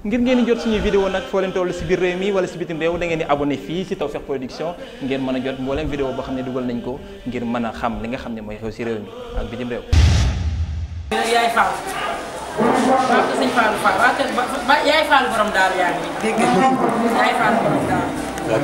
ngir ngeen jot suñu vidéo nag foo toll si biir réew mi wala si bitim réew da ngeen di abonné fii si Tawfekh Production ngeen mën a jot mbooleem vidéo boo xam ne dugal nañ ko ngir mën a xam li nga xam ne mooy xew si réew mi ak bitim réew yaay Fall daal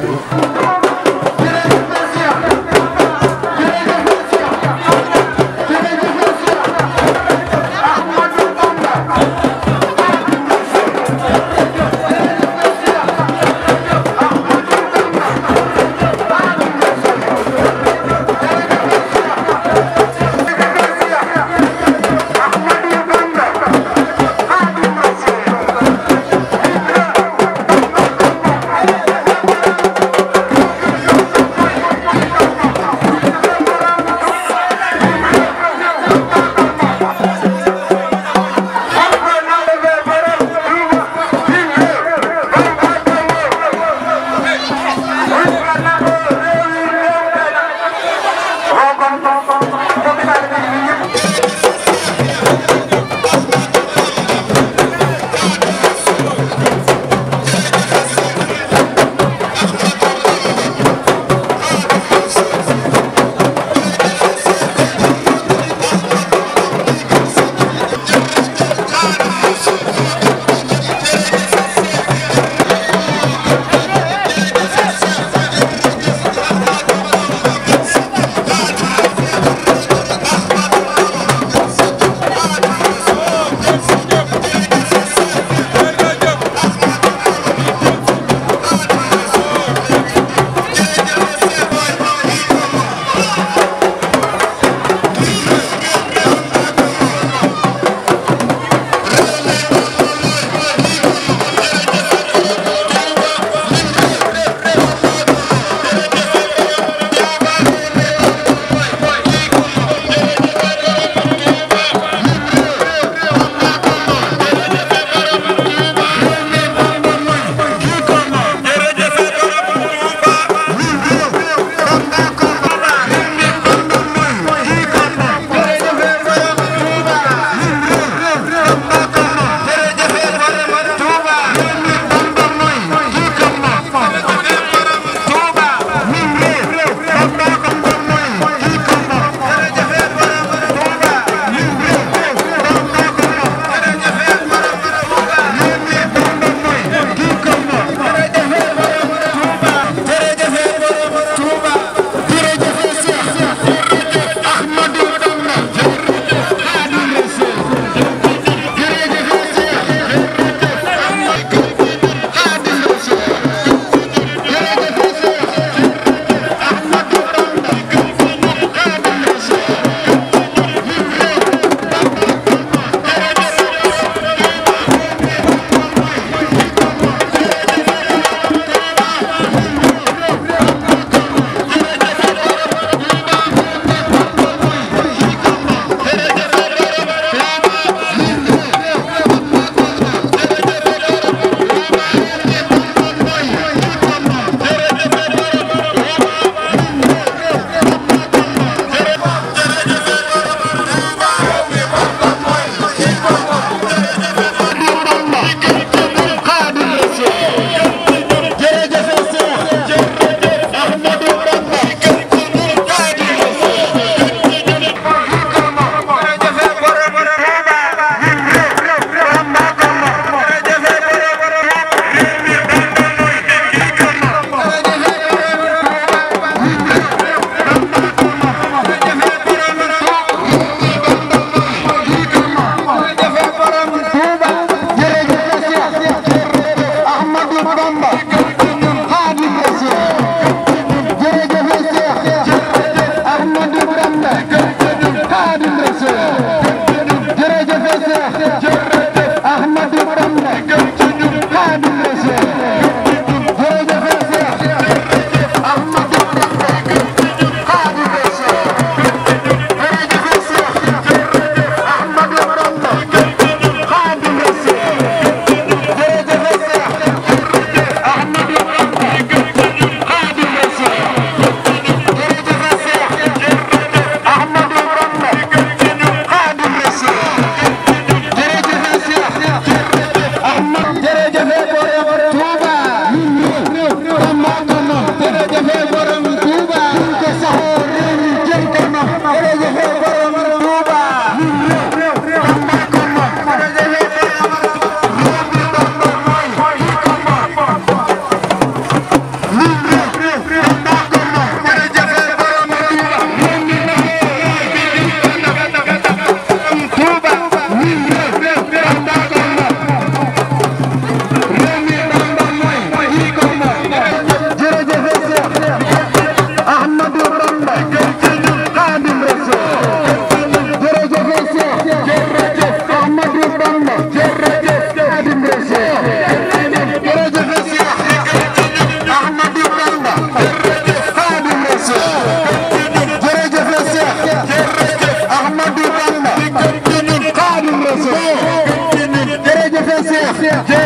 neex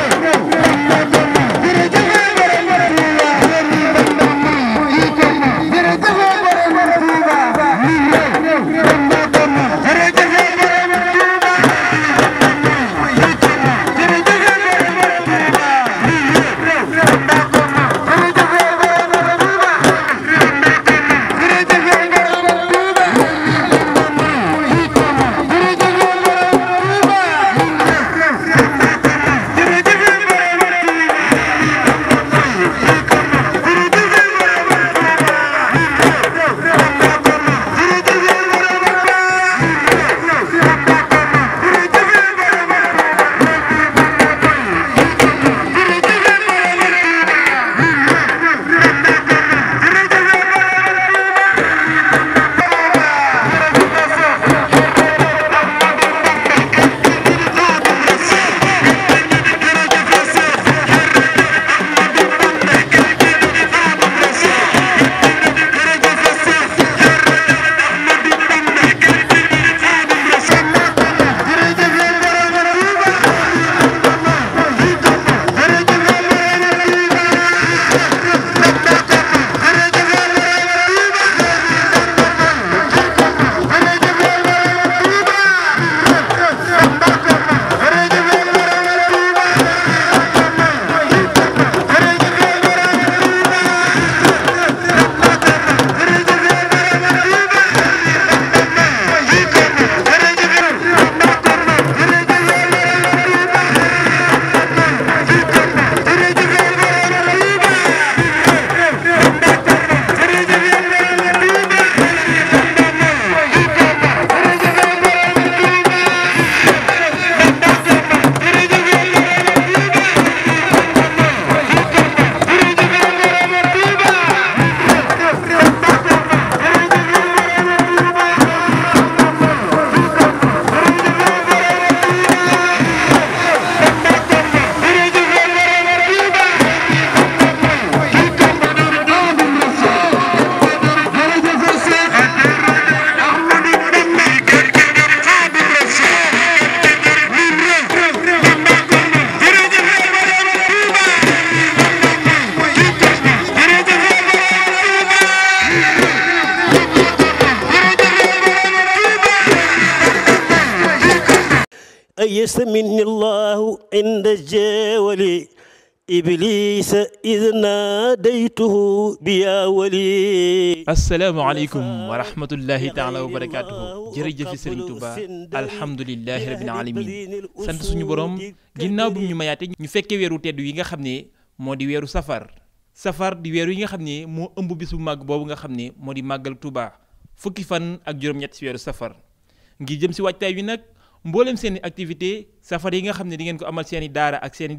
يسمني الله عند الجول إبليس إذ ناديته بيا ولي asalaamaaleykum wa rahmatullahi taala wa barakaatuhu jërëjëf Sëriñ Tuuba alhamdulilahi rabbil alamin sant suñu borom ginnaaw bi ñu mayaate ñu fekkee weeru tedd yi nga xam ne moo di weeru safar safar di weeru yi nga xam ne moo ëmb bis bu màgg boobu nga xam ne moo di màggal Tuuba fukki fan ak juróom-ñett si weeru safar ngir jëm si waajtaay wi nag mboolem seeni activité safar yi nga xam ne di ngeen ko amal seeni i daara ak seen i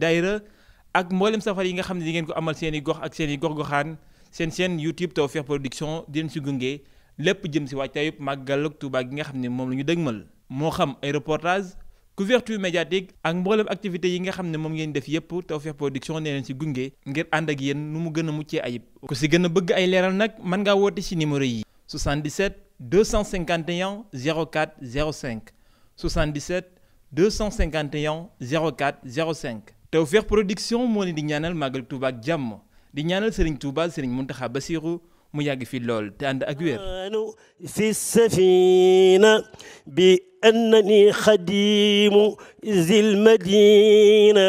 ak mboolem safar yi nga xam ne di ngeen ko amal seeni gox ak seeni i gox-goxaan seen seen YouTube Tawfekh Production di si gunge lépp jëm si waajtaayub màggal ak gi nga xam ne moom la ñu dëgmal moo xam ay reportage couverture médiatique ak mboolem activité yi nga xam ne moom ngeen def yépp Tawfekh Production nee si gunge ngir ànd ak yéen nu mu gën a muccee ayib ku si gën a bëgg ay leeral nag mën ngaa woote si numéro yi 77 251 04 05 77 251 04 05 Tawfekh Production moo leen di ñaanal màggal Touba ak jàmm di ñaanal Serigne Touba Serigne Mountakha Bassirou mu yàgg fi lool te ànd ak wér fi safina bi annani xadimu zil madina